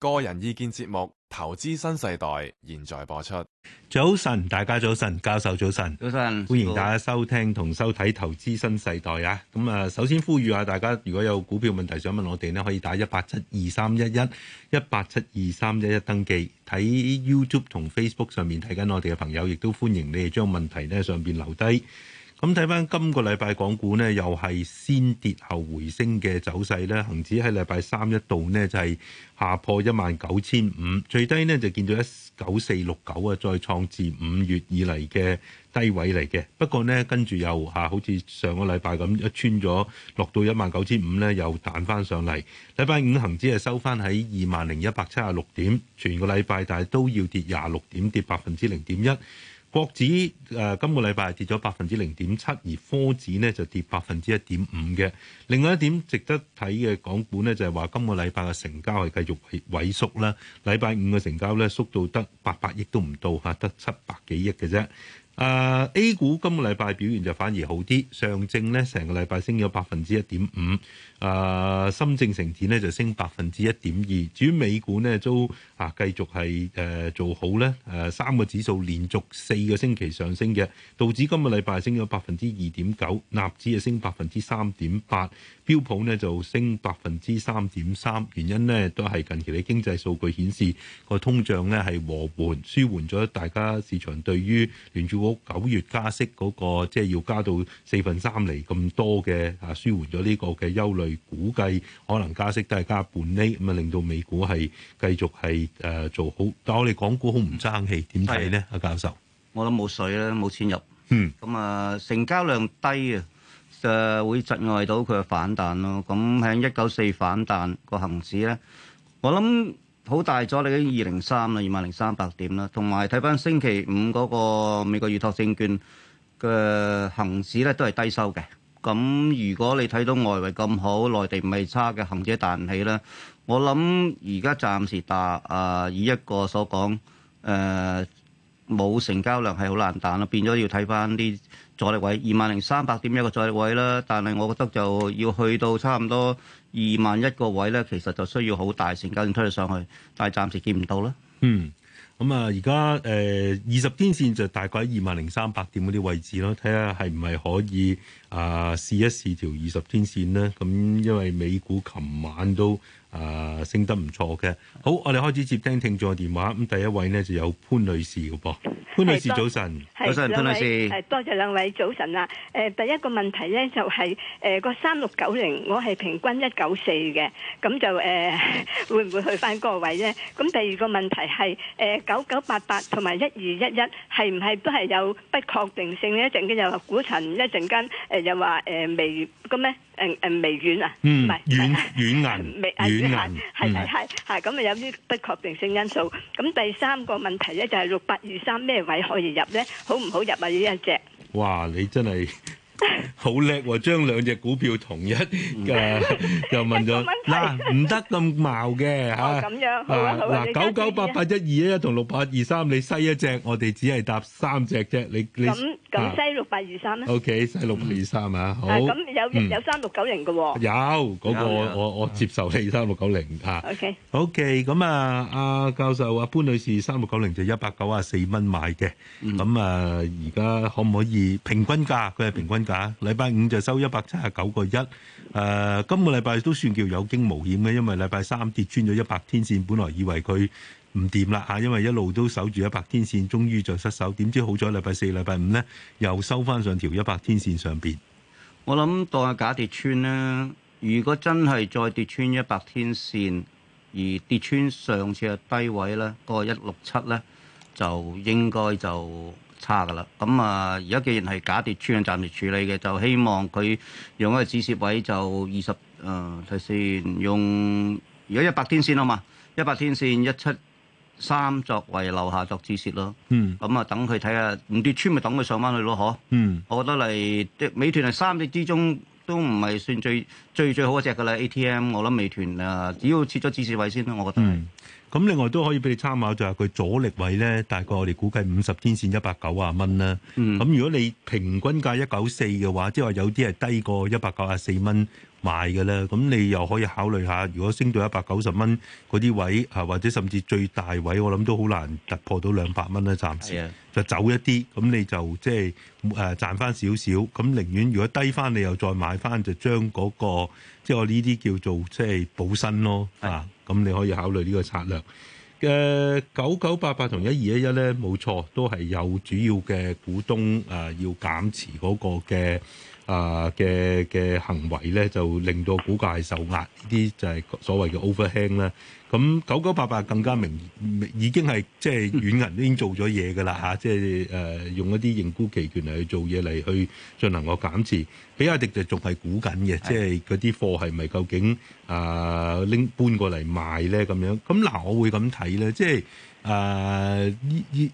個人意見節目《投資新世代》現在播出。早晨，大家早晨，教授早晨，早晨，歡迎大家收聽同收睇《投資新世代》啊！咁啊，首先呼籲下大家如果有股票問題想問我哋咧，可以打一八七二三一一一八七二三一一登記。喺 YouTube 同 Facebook 上面睇緊我哋嘅朋友，亦都歡迎你哋將問題呢上邊留低。咁睇翻今個禮拜港股呢，又係先跌後回升嘅走勢呢。恒指喺禮拜三一度呢就係下破一萬九千五，最低呢就見到一九四六九啊，再創自五月以嚟嘅低位嚟嘅。不過呢，跟住又嚇，好似上個禮拜咁一穿咗，落到一萬九千五呢，又彈翻上嚟。禮拜五，恒指係收翻喺二萬零一百七十六點，全個禮拜但係都要跌廿六點，跌百分之零點一。國指誒、呃、今個禮拜跌咗百分之零點七，而科指呢就跌百分之一點五嘅。另外一點值得睇嘅港股呢，就係、是、話今個禮拜嘅成交係繼續萎縮啦。禮拜五嘅成交呢，縮到得八百億都唔到嚇，得七百幾億嘅啫。啊、呃、A 股今個禮拜表現就反而好啲，上證呢成個禮拜升咗百分之一點五。誒、uh, 深證成指呢就升百分之一點二，至於美股呢都啊繼續係誒、呃、做好呢誒、啊、三個指數連續四個星期上升嘅，道指今個禮拜升咗百分之二點九，納指啊升百分之三點八，標普呢就升百分之三點三，原因呢都係近期嘅經濟數據顯示個通脹呢係和緩舒緩咗，大家市場對於聯儲局九月加息嗰、那個即係、就是、要加到四分三釐咁多嘅啊舒緩咗呢個嘅憂慮。估計可能加息都係加半釐，咁啊令到美股係繼續係誒做好，但係我哋港股好唔爭氣，點睇咧，阿教授？我諗冇水啦，冇錢入，嗯，咁啊成交量低啊，就會窒礙到佢嘅反彈咯。咁喺一九四月反彈個恒指咧，我諗好大咗，你二零三啦，二萬零三百點啦，同埋睇翻星期五嗰個美國預託證券嘅恒指咧，都係低收嘅。咁如果你睇到外圍咁好，內地唔係差嘅，行者彈起啦。我諗而家暫時達啊、呃，以一個所講誒冇成交量係好難彈啦，變咗要睇返啲阻力位，二萬零三百點一個阻力位啦。但係我覺得就要去到差唔多二萬一個位咧，其實就需要好大成交量推佢上去，但係暫時見唔到啦、嗯。嗯，咁啊，而家誒二十天線就大概喺二萬零三百點嗰啲位置咯，睇下係唔係可以。啊，試一試條二十天線啦。咁因為美股琴晚都啊升得唔錯嘅。好，我哋開始接聽聽眾嘅電話。咁第一位咧就有潘女士嘅噃。潘女士早晨，早晨潘女士，係多謝兩位早晨啦。誒，第一個問題咧就係誒個三六九零，我係平均一九四嘅。咁就誒會唔會去翻嗰個位咧？咁第二個問題係誒九九八八同埋一二一一係唔係都係有不確定性咧？一陣間又話股神，一陣間誒。又話誒微咁咩誒誒微軟啊，唔係軟軟銀，微軟銀，係係係咁啊，有啲不確定性因素。咁第三個問題咧就係六八二三咩位可以入咧？好唔好入啊呢一隻？哇！你真係～好叻喎！將兩隻股票同一價，又問咗嗱，唔得咁茂嘅嚇。咁樣啊嗱，九九八八一二一一，同六八二三，你西一隻，我哋只係搭三隻啫。你你啊，咁咁西六八二三啦。O K，西六八二三啊，好。咁有有三六九零嘅喎。有嗰個我我接受嘅三六九零嚇。O K，好嘅咁啊，阿教授阿潘女士三六九零就一百九啊四蚊買嘅，咁啊而家可唔可以平均價？佢係平均。啊！禮拜五就收一百七十九個一，誒、啊，今個禮拜都算叫有驚無險嘅，因為禮拜三跌穿咗一百天線，本來以為佢唔掂啦嚇，因為一路都守住一百天線，終於就失守，點知好彩禮拜四、禮拜五呢，又收翻上條一百天線上邊。我諗當係假跌穿呢，如果真係再跌穿一百天線，而跌穿上次嘅低位呢，嗰、那個一六七呢，就應該就。差噶啦，咁啊而家既然係假跌穿，暫時處理嘅，就希望佢用一個止蝕位就 20,、呃，就二十誒睇先。用如果一百天線啊嘛，一百天線一七三作為樓下作止蝕咯嗯嗯。嗯，咁啊等佢睇下唔跌穿咪等佢上翻去咯，嗬。嗯，我覺得嚟美團係三隻之中都唔係算最最最好一隻㗎啦。ATM 我諗美團啊，只要設咗止蝕位先啦，我覺得。嗯咁另外都可以俾你參考，就係、是、佢阻力位咧，大概我哋估計五十天線一百九十蚊啦。咁、嗯、如果你平均價一九四嘅話，即係話有啲係低過一百九十四蚊買嘅啦。咁你又可以考慮下，如果升到一百九十蚊嗰啲位，啊或者甚至最大位，我諗都好難突破到兩百蚊啦。暫時、啊、就走一啲，咁你就即係誒賺翻少少。咁寧願如果低翻，你又再買翻，就將嗰、那個即係我呢啲叫做即係補身咯。係。咁你可以考慮呢個策略嘅九九八八同一二一一呢，冇錯，都係有主要嘅股東啊、呃，要減持嗰個嘅。啊嘅嘅行為咧，就令到股價受壓，呢啲就係所謂嘅 overhang 啦。咁九九八八更加明，已經係即係軟銀已經做咗嘢嘅啦嚇，即係誒、呃、用一啲認沽期權嚟去做嘢嚟去進行個減持。比亞迪就仲係估緊嘅，的即係嗰啲貨係咪究竟啊拎、呃、搬過嚟賣咧咁樣？咁、啊、嗱，我會咁睇咧，即係誒、呃，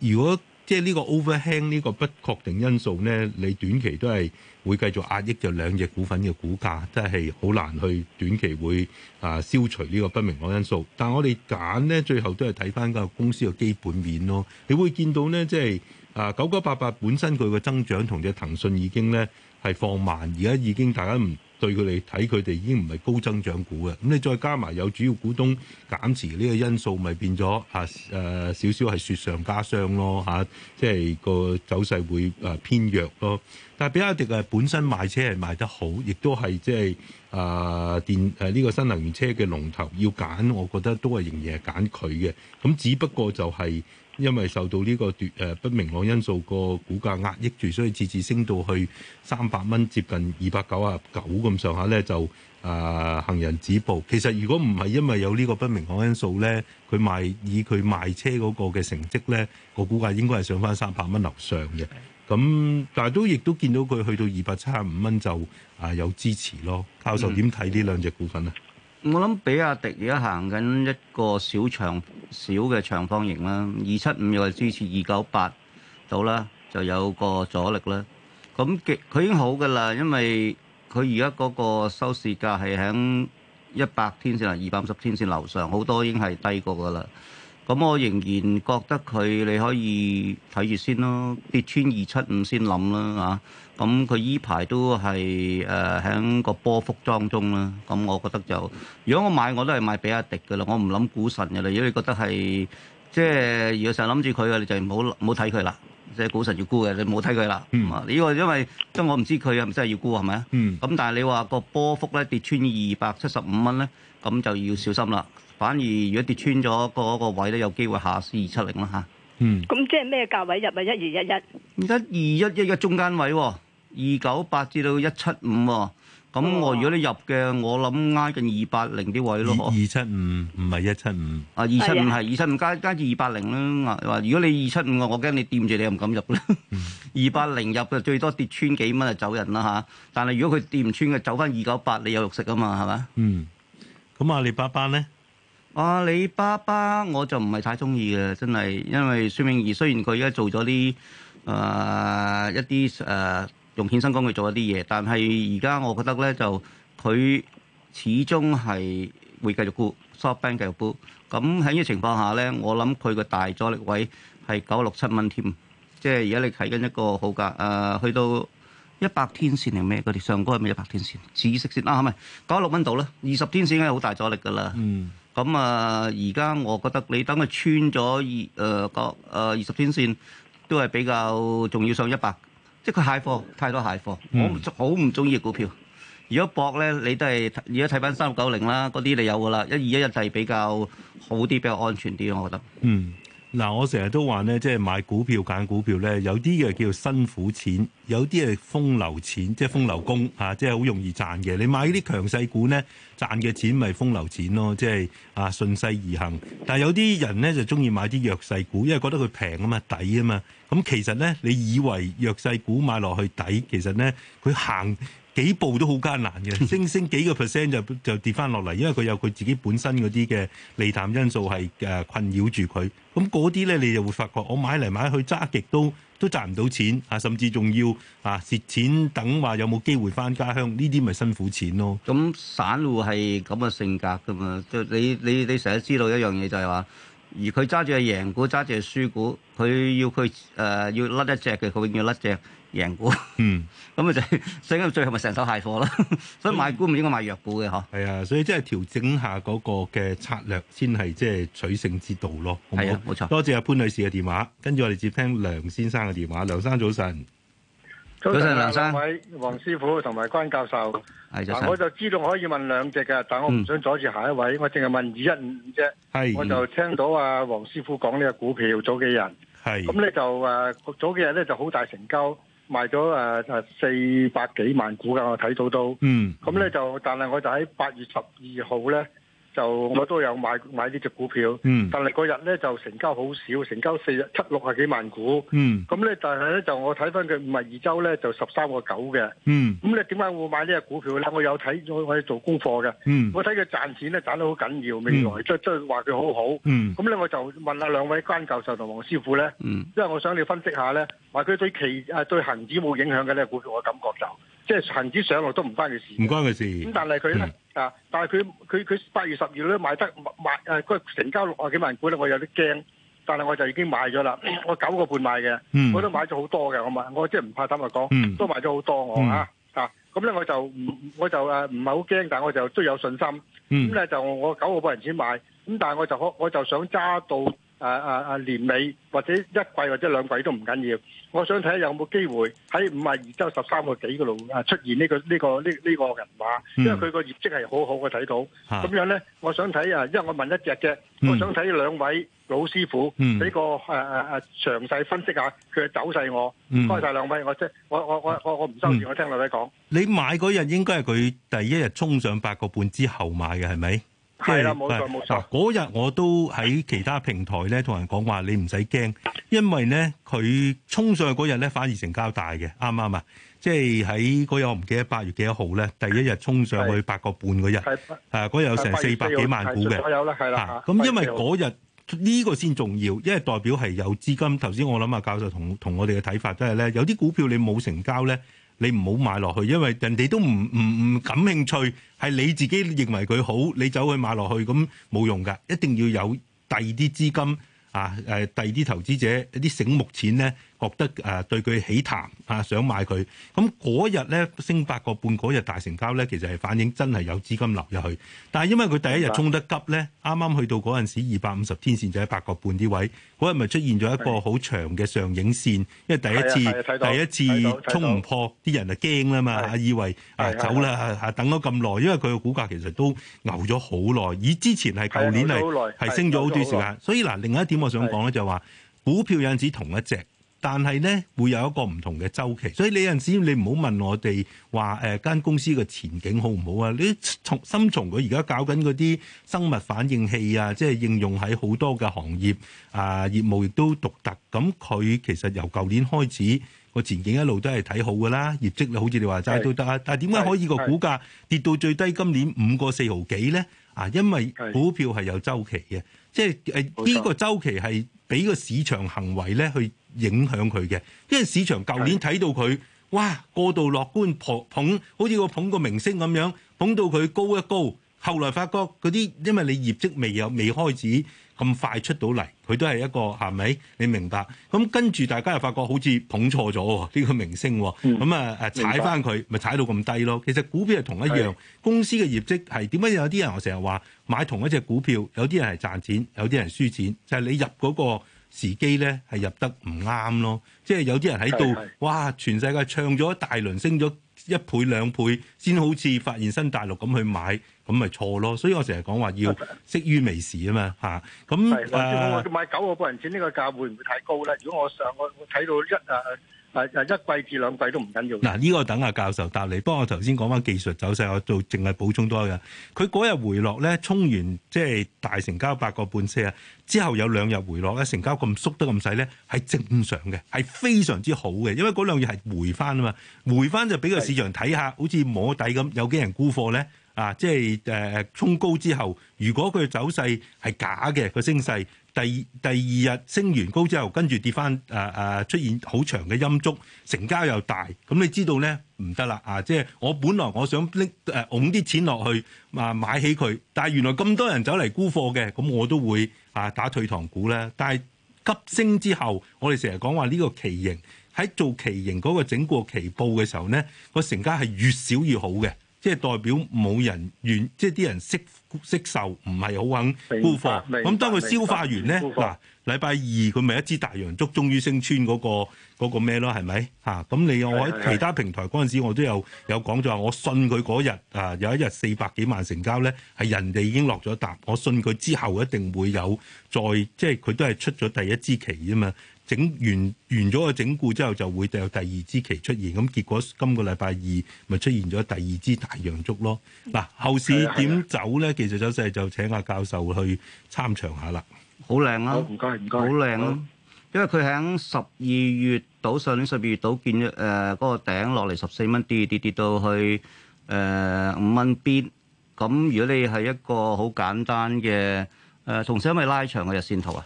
如果。即係呢個 overhang 呢個不確定因素呢，你短期都係會繼續壓抑就兩隻股份嘅股價，即係好難去短期會啊消除呢個不明朗因素。但係我哋揀呢，最後都係睇翻個公司嘅基本面咯。你會見到呢，即係啊九九八八本身佢嘅增長同隻騰訊已經呢係放慢，而家已經大家唔。對佢哋睇佢哋已經唔係高增長股嘅，咁你再加埋有主要股東減持呢個因素，咪變咗嚇誒少少係雪上加霜咯嚇，即係個走勢會誒偏弱咯。但係比亞迪誒本身賣車係賣得好，亦都係即係誒電誒呢、啊呢個新能源車嘅龍頭，要揀，我覺得都係仍然係揀佢嘅。咁只不過就係、係。因為受到呢個誒不明朗因素，個股價壓抑住，所以次次升到去三百蚊，接近二百九啊九咁上下咧，就啊行人止步。其實如果唔係因為有呢個不明朗因素咧，佢、呃、賣以佢賣車嗰個嘅成績咧，我估計應該係上返三百蚊樓上嘅。咁但係都亦都見到佢去到二百七十五蚊就啊、呃、有支持咯。教授點睇呢兩隻股份咧？嗯嗯我諗比亞迪而家行緊一個小長小嘅長方形啦，二七五又係支持二九八度啦，就有個阻力啦。咁極佢已經好噶啦，因為佢而家嗰個收市價係喺一百天線啊，二百五十天線樓上好多已經係低過噶啦。咁我仍然覺得佢你可以睇住先咯，跌穿二七五先諗啦嚇。咁佢依排都係誒喺個波幅當中啦。咁、啊、我覺得就，如果我買我都係買比亞迪噶啦，我唔諗股神噶啦。如果你覺得係即係如果成日諗住佢嘅，你就唔好唔好睇佢啦。即係、就是、股神要沽嘅，你唔好睇佢啦。呢個、嗯、因為即係我唔知佢係唔係真係要沽係咪啊？咁、嗯、但係你話個波幅咧跌穿二百七十五蚊咧，咁就要小心啦。反而如果跌穿咗嗰個位咧，有機會下試二七零啦吓，嗯。咁即係咩價位入啊？一二一一。而家二一一一中間位喎，二九八至到一七五喎。咁我如果你入嘅，我諗挨近二八零啲位咯。二七五唔係一七五。啊，二七五係二七五加加至二八零啦。話如果你二七五嘅，我驚你掂住你又唔敢入啦。二八零入就最多跌穿幾蚊就走人啦嚇。但係如果佢掂唔穿嘅，走翻二九八你有肉食啊嘛，係咪？嗯。咁阿里巴巴咧？阿里巴巴我就唔係太中意嘅，真係因為孫明義雖然佢而家做咗啲誒一啲誒、呃呃、用衍生工具做一啲嘢，但係而家我覺得咧就佢始終係會繼續沽 SoftBank 繼續沽。咁喺呢個情況下咧，我諗佢個大阻力位係九六七蚊添。即係而家你睇緊一個好價誒、呃，去到一百天線定咩嗰啲上高係咪一百天線？紫色線啊，係咪九六蚊度啦，二十天線已經係好大阻力㗎啦。嗯。咁啊，而家、嗯、我覺得你等佢穿咗二誒個誒二十天線，都係比較仲要上一百，即係佢蟹貨太多蟹貨，嗯、我好唔中意嘅股票。如果搏咧，你都係而家睇翻三六九零啦，嗰啲你有噶啦，一二一一就係比較好啲，比較安全啲，我覺得。嗯。嗱、啊，我成日都話咧，即係買股票揀股票咧，有啲嘅叫辛苦錢，有啲係風流錢，即係風流工嚇、啊，即係好容易賺嘅。你買啲強勢股咧，賺嘅錢咪風流錢咯，即係啊順勢而行。但係有啲人咧就中意買啲弱勢股，因為覺得佢平啊嘛，抵啊嘛。咁、嗯、其實咧，你以為弱勢股買落去抵，其實咧佢行幾步都好艱難嘅，升升幾個 percent 就就跌返落嚟，因為佢有佢自己本身嗰啲嘅利淡因素係誒困擾住佢。咁嗰啲咧，你就會發覺我買嚟買去揸極都都賺唔到錢啊，甚至仲要啊蝕錢等話有冇機會返家鄉？呢啲咪辛苦錢咯。咁散戶係咁嘅性格㗎嘛，就你你你成日知道一樣嘢就係話，而佢揸住係贏股，揸住係輸股，佢要佢誒、呃、要甩一隻嘅，佢永遠甩隻贏股，嗯，咁啊就所以咁最後咪成手蟹貨咯，所以買股唔應該買弱股嘅嗬。係啊，所以即係調整下嗰個嘅策略，先係即係取勝之道咯，好唔好？係啊，冇錯。多謝阿潘女士嘅電話，跟住我哋接聽梁先生嘅電話。梁生早晨。早晨梁生，位黃師傅同埋關教授。係，早晨。我就知道可以問兩隻嘅，但我唔想阻住下一位，我淨係問二一五啫。係，我就聽到阿黃師傅講呢個股票早幾日，係，咁咧就誒早幾日咧就好大成交。賣咗誒誒四百幾萬股㗎，我睇到都，嗯咁咧就，但係我就喺八月十二號咧。就 6. 我都有買買呢隻股票，嗯、但係嗰日咧就成交好少，成交四七六啊幾萬股。咁咧、嗯，但係咧就我睇翻佢五十二周咧就十三個九嘅。咁、嗯、你點解會買呢隻股票咧？我有睇我我做功課嘅。嗯、我睇佢賺錢咧賺得好緊要，未來即係即係話佢好好。咁咧、嗯、我就問下兩位關教授同黃師傅咧，因為我想你分析下咧，話佢對期啊對恆指冇影響嘅呢隻股票我感覺就。即係行紙上落都唔關佢事，唔關佢事。咁、嗯、但係佢咧啊，嗯、但係佢佢佢八月十二咧賣得賣誒佢成交六啊幾萬股咧，我有啲驚。但係我就已經買咗啦，我九個半買嘅，嗯、我都買咗好多嘅。我買我即係唔怕坦白講，嗯、都買咗好多我嚇、嗯、啊！咁、嗯、咧、嗯嗯、我就唔我就誒唔係好驚，但係我就都有信心。咁咧、嗯嗯、就我九個半人錢買，咁但係我就我就想揸到。啊啊啊！年尾或者一季或者兩季都唔緊要，要，我想睇下有冇機會喺五十二週十三個幾嗰度啊出現呢、這個呢、這個呢呢、這個人馬，因為佢個業績係好好嘅睇到。咁樣咧，我想睇啊，因為我問一隻啫，我想睇兩位老師傅俾、嗯、個誒誒誒詳細分析下佢嘅走勢。我該晒兩位，我即係我我我我我唔收錢。我，我，我，我，、嗯、我聽兩位講。你買嗰日應該係佢第一日衝上八個半之後買嘅係咪？係啦，冇錯冇錯。嗰日、啊、我都喺其他平台咧同人講話，你唔使驚，因為咧佢衝上去嗰日咧反而成交大嘅，啱唔啱啊？即係喺嗰日我唔記得八月幾多號咧，第一日衝上去八個半嗰日，係嗰日有成四百幾萬股嘅，係啦嚇。咁、啊、因為嗰日呢個先重要，因為代表係有資金。頭先我諗啊，教授同同我哋嘅睇法都係咧，有啲股票你冇成交咧。你唔好買落去，因為人哋都唔唔唔感興趣，係你自己認為佢好，你走去買落去咁冇用㗎，一定要有第二啲資金啊，誒、啊，第二啲投資者一啲醒目錢咧。覺得誒，對佢起痰啊，想買佢咁。嗰日咧升八個半，嗰日大成交咧，其實係反映真係有資金流入去。但係因為佢第一日衝得急咧，啱啱去到嗰陣時二百五十天線就喺八個半呢位，嗰日咪出現咗一個好長嘅上影線，因為第一次第一次衝唔破，啲人就驚啦嘛，以為啊走啦，啊等咗咁耐，因為佢嘅股價其實都牛咗好耐，以之前係舊年係係升咗好短時間，所以嗱，另外一點我想講咧就係話，股票有陣時同一隻。但係咧會有一個唔同嘅周期，所以你有陣時你唔好問我哋話誒間公司嘅前景好唔好啊？你從深從佢而家搞緊嗰啲生物反應器啊，即係應用喺好多嘅行業啊，業務亦都獨特。咁佢其實由舊年開始個前景一路都係睇好㗎啦，業績咧好似你話齋都得啊。是但係點解可以個股價跌到最低今年五個四毫幾咧？啊，因為股票係有周期嘅，即係誒呢個周期係俾個市場行為咧去。影響佢嘅，因為市場舊年睇到佢，的哇過度樂觀捧，捧好似個捧個明星咁樣捧到佢高一高，後來發覺嗰啲因為你業績未有未開始咁快出到嚟，佢都係一個，係咪？你明白？咁跟住大家又發覺好似捧錯咗呢個明星，咁啊踩翻佢咪踩到咁低咯。其實股票係同一樣，的公司嘅業績係點解有啲人，我成日話買同一隻股票，有啲人係賺錢，有啲人輸錢，有人輸錢，就係你入嗰個。時機咧係入得唔啱咯，即係有啲人喺度，的哇！全世界唱咗一大輪，升咗一倍兩倍，先好似發現新大陸咁去買，咁咪錯咯。所以我成日講話要適於微時啊嘛，嚇咁誒。的啊、買九個半人錢呢、呢個價會唔會太高咧？如果我上我我睇到一啊，係一季至兩季都唔緊要。嗱，呢個等阿教授答你。不過我頭先講翻技術走勢，我做淨係補充多嘅。佢嗰日回落咧，衝完即係、就是、大成交八個半車啊，之後有兩日回落咧，成交咁縮得咁細咧，係正常嘅，係非常之好嘅，因為嗰兩日係回翻啊嘛，回翻就俾個市場睇下，是好似摸底咁，有幾人沽貨咧？啊，即係誒衝高之後，如果佢走勢係假嘅，個升勢。第第二日升完高之後，跟住跌翻，誒、呃、誒出現好長嘅陰燭，成交又大，咁你知道咧唔得啦啊！即係我本來我想拎誒拱啲錢落去啊買起佢，但係原來咁多人走嚟沽貨嘅，咁我都會啊打退堂鼓啦。但係急升之後，我哋成日講話呢個期型喺做期型嗰個整個期報嘅時候咧，個成交係越少越好嘅，即係代表冇人願，即係啲人識。惜售唔係好肯沽貨，咁白當佢消化完咧，嗱，禮拜二佢咪一支大陽燭終於升穿嗰個咩咯，係、那、咪、個？嚇，咁、啊、你我喺其他平台嗰陣時，我都有有講咗，話，我信佢嗰日啊有一日四百幾萬成交咧，係人哋已經落咗踏，我信佢之後一定會有再即係佢都係出咗第一支旗啫嘛，整完完咗個整固之後，就會有第二支旗出現。咁結果今個禮拜二咪出現咗第二支大陽燭咯。嗱、啊，後市點、啊、走咧？其實就係就請阿教授去參詳下啦。啊、好靚啦，唔該唔該，謝謝啊、好靚啦。因為佢喺十二月到上年十二月到見咗嗰個頂落嚟十四蚊跌跌跌到去誒五蚊邊。咁如果你係一個好簡單嘅誒、呃，同時可唔可以拉長嘅日線圖啊。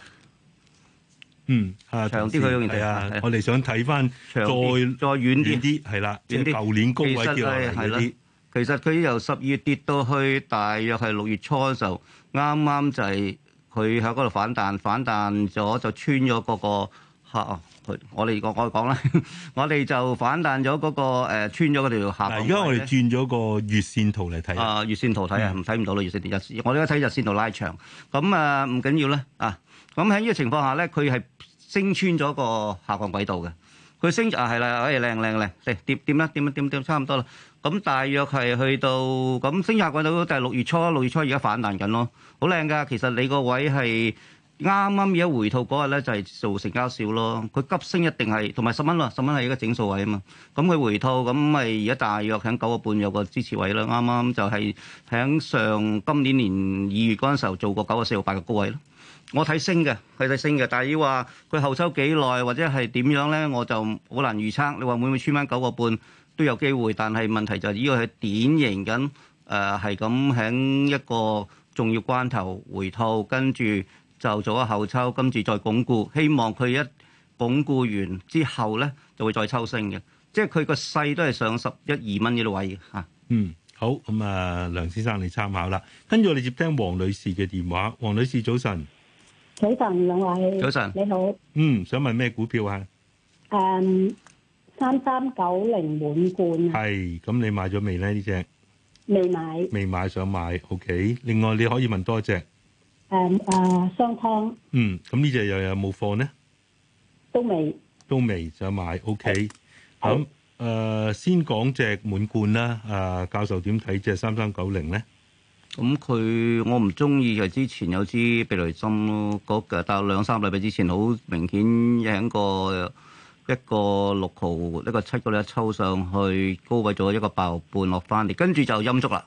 嗯，啊，長啲佢當然係啊，我哋想睇翻，長啲、再再遠啲，係啦，即係舊年高位跌落嚟。其實佢、啊啊、由十二月跌到去，大約係六月初嘅時候，啱啱就係佢喺嗰度反彈，反彈咗就穿咗嗰、嗰個下、啊。我哋我我講咧，我哋 就反彈咗嗰、嗰個、呃、穿咗嗰條下。而家我哋轉咗個月線圖嚟睇啊。月線圖睇啊，唔睇唔到啦。月線日我而家睇日線圖拉長。咁啊，唔緊要啦，啊。啊啊啊啊啊。咁喺呢個情況下咧，佢係升穿咗個下降軌道嘅。佢升啊，係啦，誒，靚靚靚，嚟跌點啦？點啊點點差唔多啦。咁大約係去到咁升下降軌道，但係六月初，六月初而家反彈緊咯，好靚㗎。其實你個位係啱啱而家回吐嗰日咧，就係做成交少咯。佢急升一定係同埋十蚊咯，十蚊係一個整數位啊嘛。咁佢回吐咁咪而家大約喺九個半有個支持位啦。啱啱就係喺上今年年二月嗰陣時候做過九個四毫八嘅高位咯。我睇升嘅，佢睇升嘅。但係要話佢後抽幾耐或者係點樣咧，我就好難預測。你話會唔會穿翻九個半都有機會，但係問題就係呢個係典型緊誒，係咁喺一個重要關頭回吐，跟住就做咗後抽，跟住再鞏固。希望佢一鞏固完之後咧，就會再抽升嘅。即係佢個勢都係上十一二蚊呢啲位嚇。啊、嗯，好咁啊、嗯，梁先生你參考啦。跟住我哋接聽黃女士嘅電話。黃女士早晨。早晨，兩位早晨，你好。嗯，想問咩股票啊？誒，三三九零滿貫。係，咁你買咗未咧？呢隻未買，未買想買，OK。另外你可以問多隻。誒誒，雙湯。嗯，咁呢隻又有冇貨咧？都未。都未想買，OK。咁誒，先講隻滿貫啦。誒，教授點睇隻三三九零咧？咁佢，嗯，我唔中意就之前有支避雷針咯，嗰，嗰個但兩三個禮拜之前好明顯喺個一個六毫一個七一個咧抽上去高位咗一個八毫半落翻嚟，跟住就陰足啦。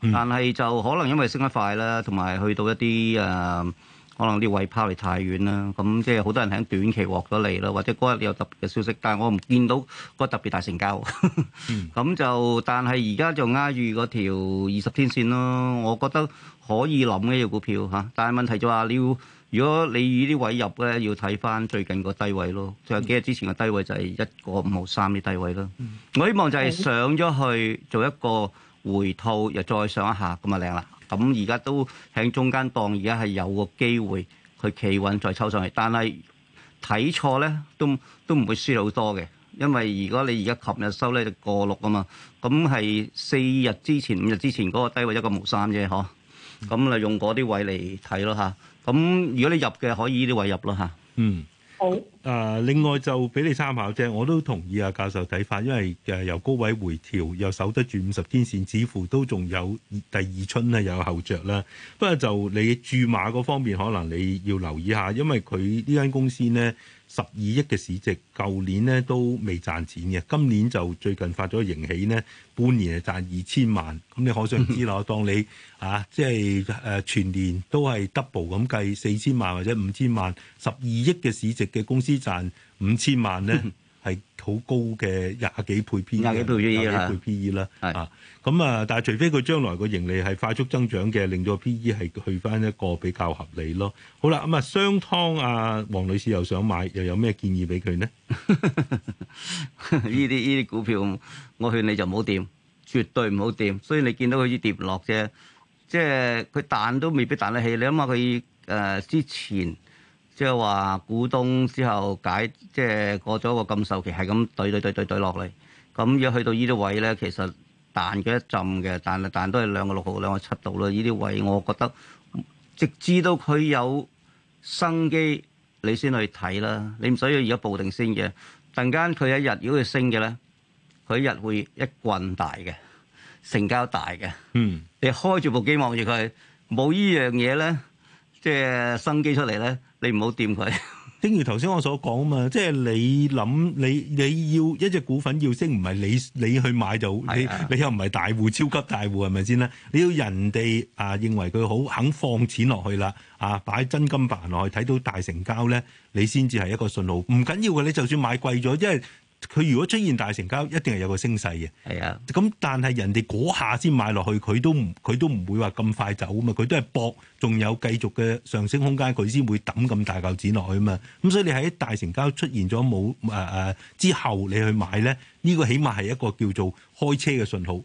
嗯，但係就可能因為升得快啦，同埋去到一啲誒，呃可能啲位拋嚟太遠啦，咁即係好多人喺短期獲咗利啦，或者嗰日有特別嘅消息，但係我唔見到個特別大成交，咁、 嗯、 就但係而家就壓住嗰條二十天線咯。我覺得可以諗嘅依股票嚇，但係問題就話你要如果你以啲位入咧，要睇翻最近個低位咯，仲有幾日之前嘅低位就係一個五毫三啲低位咯。嗯、我希望就係上咗去做一個回套，又再上一下咁啊靚啦。咁而家都喺中間檔，而家係有個機會，佢企穩再抽上嚟。但係睇錯咧，都都唔會輸好多嘅，因為如果你而家琴日收咧就過六啊嘛，咁係四日之前、五日之前嗰、嗰個低位一個毛三啫，嗬、啊。咁啊用嗰啲位嚟睇咯吓，咁如果你入嘅可以呢啲位入咯吓。啊、嗯。好誒，另外就俾你參考啫。我都同意阿教授睇法，因為誒由高位回調又守得住五十天線，似乎都仲有第二春啊，又有後着啦。不過就你注碼嗰方面，可能你要留意下，因為佢呢間公司呢。十二億嘅市值，舊年咧都未賺錢嘅，今年就最近發咗盈喜咧，半年係賺二千萬，咁你可想知啦。 當你啊，即係誒全年都係 double 咁計四千萬或者五千萬，十二億嘅市值嘅公司賺五千萬咧。 係好高嘅廿幾倍 P，廿幾倍 P E 啦，倍 P E 啦。啊，咁是啊，但係除非佢將來個盈利係快速增長嘅，令到 P E 係去翻一個比較合理咯。好啦，咁啊，商湯啊，黃女士又想買，又有咩建議俾佢呢？呢啲依啲股票，我勸你就唔好掂，絕對唔好掂。所以你見到佢跌落啫，即係佢彈都未必彈得起。你諗下佢誒之前。即係話股東之後解，即係過咗個禁售期，係咁對對對對對落嚟。咁如果去到呢啲位咧，其實彈佢一浸嘅，但係彈都係兩個六毫、兩個七度啦。呢啲位我覺得，直至到佢有生機，你先去睇啦。你唔需要而家暴定先嘅。突然間佢一日，如果佢升嘅咧，佢一日會一棍大嘅，成交大嘅。嗯。你開住部機望住佢，冇呢樣嘢咧，即係生機出嚟咧。你唔好掂佢。正如頭先我所講啊嘛，即係你諗你你要一隻股份要升，唔係你你去買就，你你又唔係大戶超級大戶係咪先咧？你要人哋啊認為佢好肯放錢落去啦，啊擺真金白銀落去，睇到大成交咧，你先至係一個信號。唔緊要嘅，你就算買貴咗，因為。佢如果出現大成交，一定係有個升勢嘅。係啊的，咁但係人哋嗰下先買落去，佢都唔佢都唔會話咁快走啊嘛。佢都係搏仲有繼續嘅上升空間，佢先會抌咁大嚿錢落去啊嘛。咁所以你喺大成交出現咗冇誒誒之後，你去買咧，呢、呢個起碼係一個叫做開車嘅信號。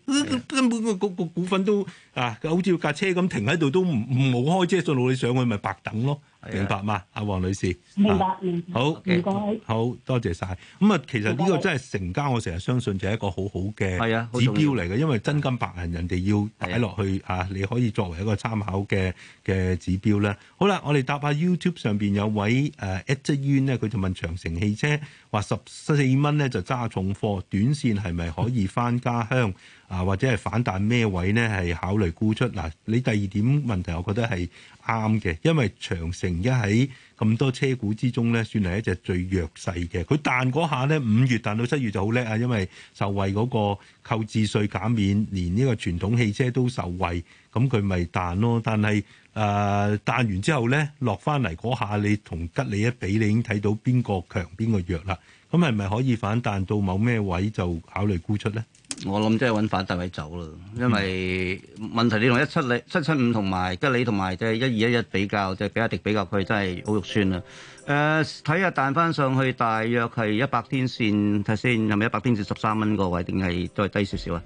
根本的、啊嗰個嗰個股份都啊，好似架車咁停喺度都唔冇開車信號，你上去咪白等咯。明白嗎，阿王女士，啊、明白，好唔該，okay，好多謝晒。咁啊，其實呢個真係成交，我成日相信就係一個好好嘅指標嚟嘅，因為真金白銀人哋要擺落去啊，你可以作為一個參考嘅嘅指標咧。好啦，我哋搭下 YouTube 上邊有位誒一隻冤呢，佢、啊、就問長城汽車話十四蚊呢，就揸重貨，短線係咪可以翻家鄉啊？或者係反彈咩位呢？係考慮沽出嗱？你第二點問題，我覺得係啱嘅，因為長城。而家喺咁多車股之中咧，算係一隻最弱勢嘅。佢彈嗰下咧，五月彈到七月就好叻啊，因為受惠嗰個購置稅減免，連呢個傳統汽車都受惠，咁佢咪彈咯。但係誒彈完之後咧，落翻嚟嗰下，你同吉利一比，你已經睇到邊個強邊個弱啦。咁係咪可以反彈到某咩位就考慮沽出咧？我諗真係揾反大位走啦，因為問題你同一七零七七五同埋，跟你同埋即係一二一一比較，即、就、係、是、比亞迪比較，佢真係好肉酸啦。誒、呃，睇下彈翻上去，大約係一百天線睇先，係咪一百天線十三蚊個位，定係再低少少啊？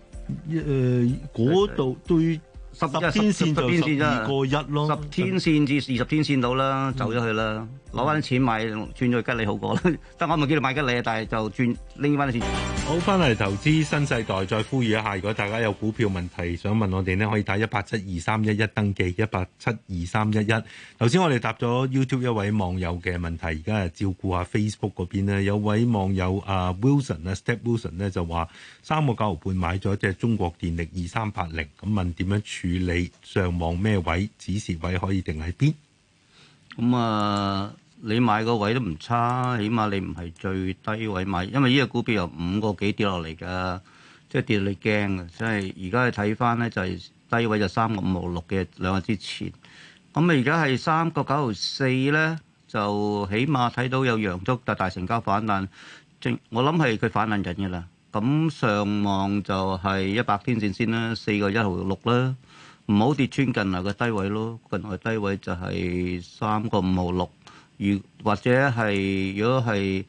誒、呃，嗰度對。對對十天線十二個一咯，十天線至二十天線到啦，嗯、走咗去啦，攞翻啲錢買轉咗去吉利好過啦。得 我唔叫你買吉利啊，但係就轉拎翻啲錢。好，翻嚟投資新世代，再呼籲一下，如果大家有股票問題想問我哋呢，可以打一八七二三一一登記，一八七二三一一。頭先我哋答咗 YouTube 一位網友嘅問題，而家係照顧下 Facebook 嗰邊咧，有位網友啊 Wilson 咧、啊、，Step Wilson 呢就話三個九毫半買咗隻中國電力二三八零，咁問點樣？處理上望咩位，指示位可以定喺邊？咁啊，你買個位都唔差，起碼你唔係最低位買，因為呢隻股票由五個幾跌落嚟噶，即係跌你驚啊，即係而家睇翻咧，就係、是、低位就三個五毫六嘅兩日之前，咁啊而家係三個九毫四咧，就起碼睇到有陽燭，但大、大成交反彈，即我諗係佢反彈緊噶啦。咁上望就係一百天綫先啦，四個一毫六啦。唔好跌穿近嚟嘅低位咯，近嚟低位就係三個五號六，如或者係如果係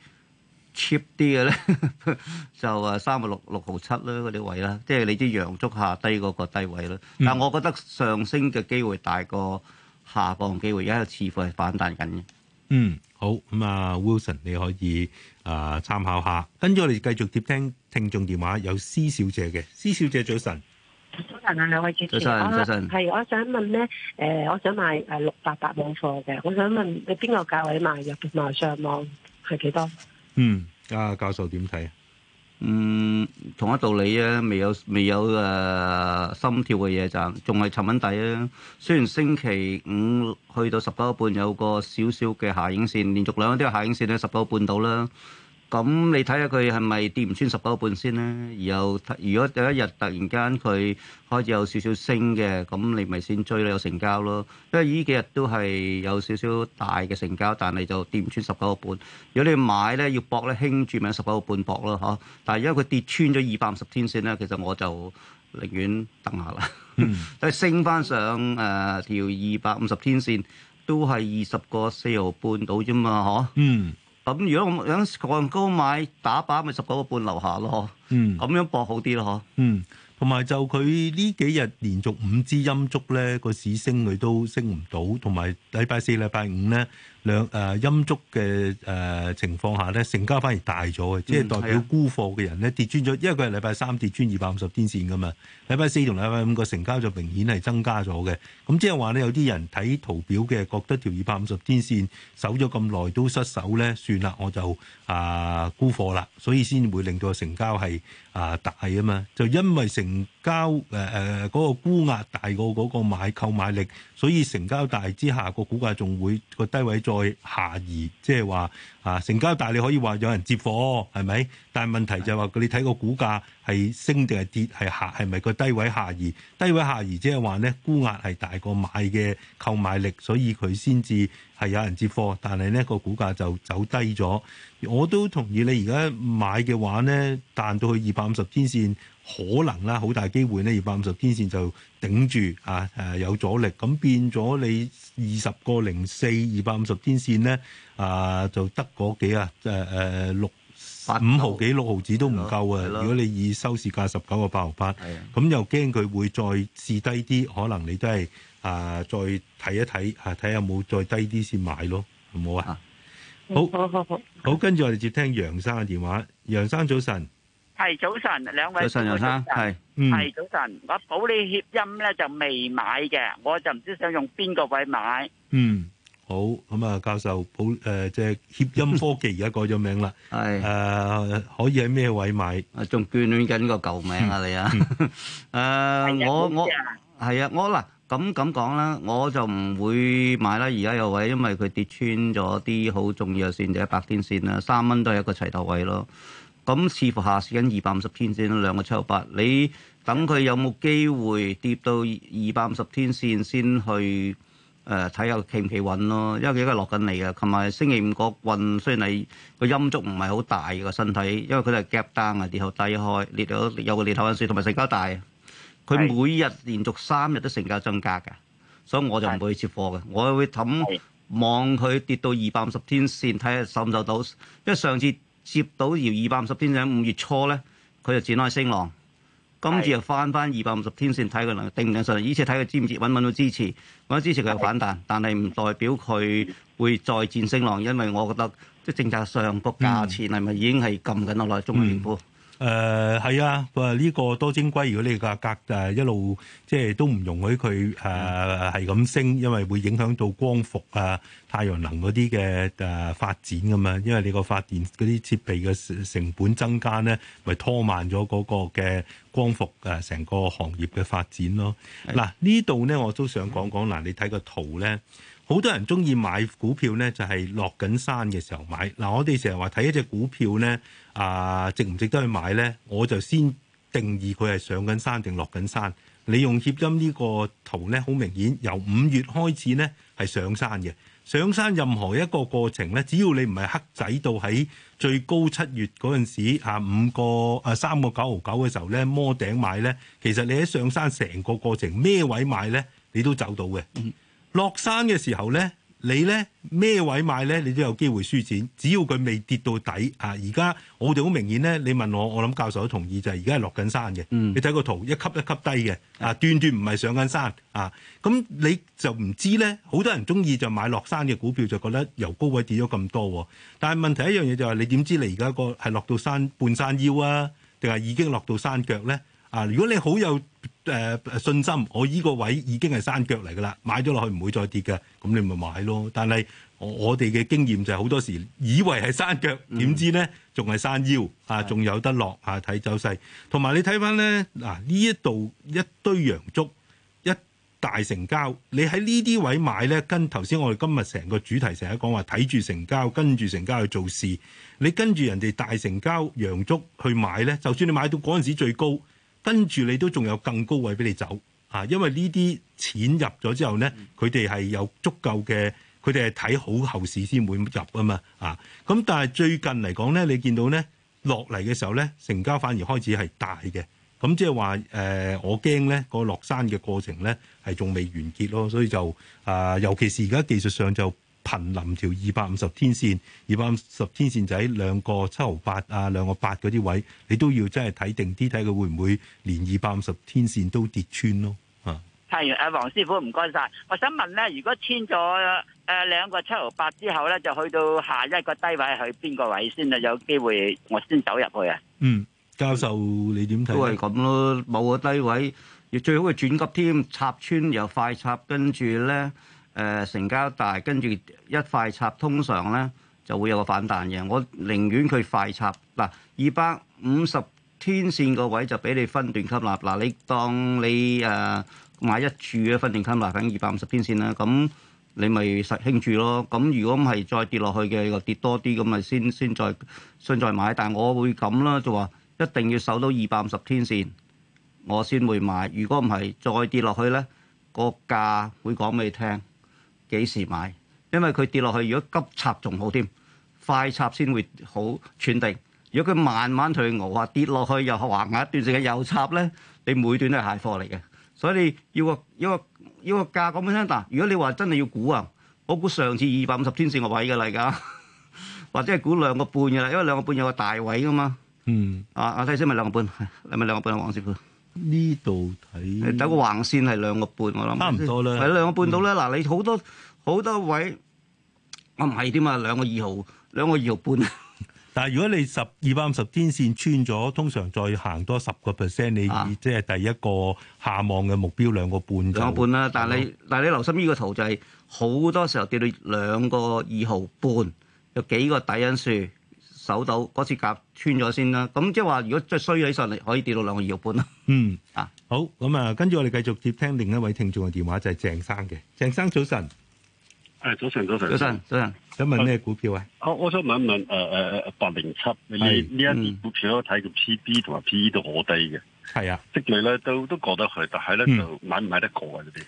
cheap 啲嘅咧，就啊三個六六號七啦嗰啲位啦，即係你啲陽燭下低嗰個低位啦。但係我覺得上升嘅機會大過下降機會，而家似乎係反彈緊嘅、嗯。嗯，好咁啊，Wilson 你可以啊、呃、參考下。跟住我哋繼續接聽，聽聽眾電話，有施小姐嘅，施小姐早晨。早晨啊，兩位主持。早晨，早晨。係，我想問咧，誒，我想買誒六八八網貨嘅，我想問你邊個價位買入同埋上網係幾多？嗯，阿教授點睇？嗯，同一道理啊，未有未有誒心跳嘅嘢就仲係沉蚊底啊。雖然星期五去到十九個半有個少少嘅下影線，連續兩日都有下影線咧，十九個半到啦。咁你睇下佢係咪跌唔穿十九個半先咧？然後如果有一日突然間佢開始有少少升嘅，咁你咪先追你有成交咯。因為依幾日都係有少少大嘅成交，但係就跌唔穿十九個半。如果你買咧，要搏咧，輕注咪十九個半搏咯，嚇。但係因為佢跌穿咗二百五十天線咧，其實我就寧願等下啦。嗯、 但再升翻上誒條二百五十天線都係二十個四毫半到啫嘛，嚇。嗯。咁如果咁樣過高買打靶咪十九個半留下咯，咁樣博好啲咯，嗯，同埋就佢呢幾日連續五支陰燭咧，個市升佢都升唔到，同埋禮拜四、禮拜五咧。兩誒陰燭嘅誒情況下咧，成交反而大咗嘅，即係代表沽貨嘅人咧，跌穿咗，因為佢係禮拜三跌穿二百五十天線㗎嘛。禮拜四同禮拜五個成交就明顯係增加咗嘅。咁即係話咧，有啲人睇圖表嘅，覺得條二百五十天線守咗咁耐都失守咧，算啦，我就啊沽貨啦，所以先會令到個成交係啊大啊嘛。就因為成交誒誒嗰個沽額大過嗰個買購買力。所以成交大之下，個股價仲會個低位再下移，即係話啊，成交大你可以話有人接貨，係咪？但係問題就係、是、話你睇個股價係升定係跌，係下係咪個低位下移？低位下移即係話呢沽壓係大過買嘅購買力，所以佢先至係有人接貨。但係呢、那個股價就走低咗。我都同意你而家買嘅話呢彈到去二百五十天線。可能啦，好大機會呢，二百五十天線就頂住啊！誒有阻力，咁變咗你二十個零四二百五十天線呢，啊、呃，就得嗰幾啊誒誒六五毫幾六毫子都唔夠啊！的如果你以收市價十九個八毫八，咁又驚佢會再試低啲，可能你都係啊再睇一睇啊，睇下有冇再低啲先買咯，好唔好啊？ 好，好好好，好跟住我哋接聽楊生嘅電話，楊生早晨。係早晨，兩位早晨，係，係早晨。嗯、我保利協鑫咧就未買嘅，我就唔知想用邊個位買。嗯，好，咁啊，教授保誒、呃，即係協鑫科技而家改咗名啦，係誒、 啊，可以喺咩位買？啊，仲眷戀緊個舊名啊，你啊，誒，我我係啊，我嗱咁咁講啦，我就唔會買啦。而家有位，因為佢跌穿咗啲好重要嘅線，就喺百天線啦，三蚊都係一個齊頭個齊頭位咯。咁似乎下試緊二百五十天線兩個七六八，8，你等佢有冇機會跌到二百五十天線先去誒睇下企唔企穩咯，因為佢而家落緊嚟嘅。琴日星期五個棍雖然你個陰燭唔係好大個身體，因為佢係 gap down 啊，跌後低開，跌到有個裂頭因素，同埋成交大，佢每日連續三日都成交增加嘅，所以我就唔會接貨嘅，我會等望佢跌到二百五十天線睇下受唔受到，因為上次。接到由二百五十天線五月初呢，佢就展開升浪，今次又翻翻二百五十天線睇佢能定唔定上嚟，而且睇佢支唔支持，揾唔到支持，揾到支持佢有反彈。但係唔代表佢會再戰升浪，因為我覺得即係政策上個價錢係咪已經係撳緊落嚟，中國政府。嗯嗯誒係、呃、啊！誒、這、呢個多晶硅，如果你價格誒、啊、一路即係都唔容許佢誒係咁升，因為會影響到光伏啊、太陽能嗰啲嘅誒發展㗎嘛。因為你個發電嗰啲設備嘅成本增加咧，咪拖慢咗嗰個嘅光伏誒成、啊、個行業嘅發展咯。嗱的，呢度咧我都想講講嗱，你睇個圖咧，好多人中意買股票咧，就係落緊山嘅時候買。嗱，我哋成日話睇一隻股票咧。啊，值唔值得去買呢？我就先定義佢係上緊山定落緊山。你用協鑫呢個圖呢，好明顯由五月開始呢係上山嘅。上山任何一個過程呢，只要你唔係黑仔到喺最高七月嗰陣時啊，五個啊三個九毫九嘅時候呢，摸頂買呢。其實你喺上山成個過程咩位買呢？你都走到嘅。落山嘅時候呢，你咧咩位買咧，你都有機會輸錢，只要佢未跌到底啊！而家我哋好明顯咧，你問我，我諗教授都同意就係而家係落緊山嘅。嗯、你睇個圖，一級一級低嘅啊，斷斷唔係上緊山啊！咁你就唔知咧，好多人中意就買落山嘅股票，就覺得由高位跌咗咁多。啊、但係問題一樣嘢就係、是、你點知你而家個係落到山半山腰啊，定係已經落到山腳咧？啊！如果你好有，誒、呃、信心，我依個位已經係山腳嚟㗎啦，買咗落去唔會再跌嘅，咁你咪買咯。但係我我哋嘅經驗就係、是、好多時以為係山腳，點知呢仲係山腰啊，仲有得落啊，睇走勢。同埋你睇翻呢嗱，呢一度一堆陽燭，一大成交，你喺呢啲位買呢，跟頭先我哋今日成個主題成日講話睇住成交，跟住成交去做事，你跟住人哋大成交陽燭去買呢，就算你買到嗰陣時最高。跟住你都仲有更高位俾你走，啊！因為呢啲錢入咗之後呢，呢佢哋係有足夠嘅，佢哋係睇好後市先會入啊嘛，啊！咁但係最近嚟講呢，你見到呢落嚟嘅時候呢，成交反而開始係大嘅，咁即係話，誒、就是呃，我驚呢個落山嘅過程呢，係仲未完結咯，所以就啊、呃，尤其是而家技術上就。瀕臨條二百五十天線，二百五十天線就喺兩個七毫八啊，兩個八嗰啲位，你都要真係睇定啲，睇佢會唔會連二百五十天線都跌穿咯？太係阿黃師傅唔該晒。我想問咧，如果穿咗誒兩個七毫八之後咧，就去到下一個低位去邊個位先啊？有機會我先走入去啊？嗯，教授你點睇？都係咁咯，冇個低位，要最好嘅轉急添，插穿又快插，跟住咧。誒、呃、成交大，跟住一快插，通常咧就會有個反彈嘅。我寧願佢快插嗱，二百五十天線個位就俾你分段吸納。嗱，你當你誒、呃、買一柱嘅分段吸納喺二百五十天線啦，咁你咪興住咯。咁如果唔係再跌落去嘅，又跌多啲咁咪先先再先再買。但係我會咁啦，就話一定要守到二百五十天線，我先會買。如果唔係再跌落去咧，個價會講俾你聽。幾時買？因為佢跌落去，如果急插仲好添，快插先會好喘定。如果佢慢慢退牛啊，跌落去又橫下一段，時間又插咧，你每段都係蟹貨嚟嘅。所以你要個要個要個價咁樣。嗱，如果你話真係要估啊，我估上次二百五十天線個位嘅嚟㗎，或者係估兩個半嘅啦，因為兩個半有個大位㗎嘛。嗯。啊，阿西先咪兩個半，係咪兩個半黃師傅嘅？呢度睇，有個橫線係兩個半，我諗差唔多咧，喺兩個半到咧。嗱、嗯，你好多好多位，我唔係點啊，兩個二毫，兩個二毫半。 但係如果你十二百五十天線穿咗，通常再行多十個 percent，你即係第一個下望嘅目標兩個半。啊、就兩個半啦吧，但係但係你留心呢個圖就係、是、好多時候跌到兩個二毫半，有幾個底因素。守到嗰次夾穿咗先啦，咁即係話如果即係衰起上嚟，可以跌到兩個二毫半啦。嗯啊，好咁啊，跟住我哋繼續接聽另一位聽眾嘅電話，就係、是、鄭生嘅。鄭生早晨，誒早晨早晨早晨，早晨早晨，想問咩、嗯、股票啊？我我想問一問誒誒誒八零七你呢一啲股票，睇佢 P B 同埋 P E 都好低嘅，係啊，即係咧都都過得去，但係咧就買唔買得過嗰啲？嗯嗯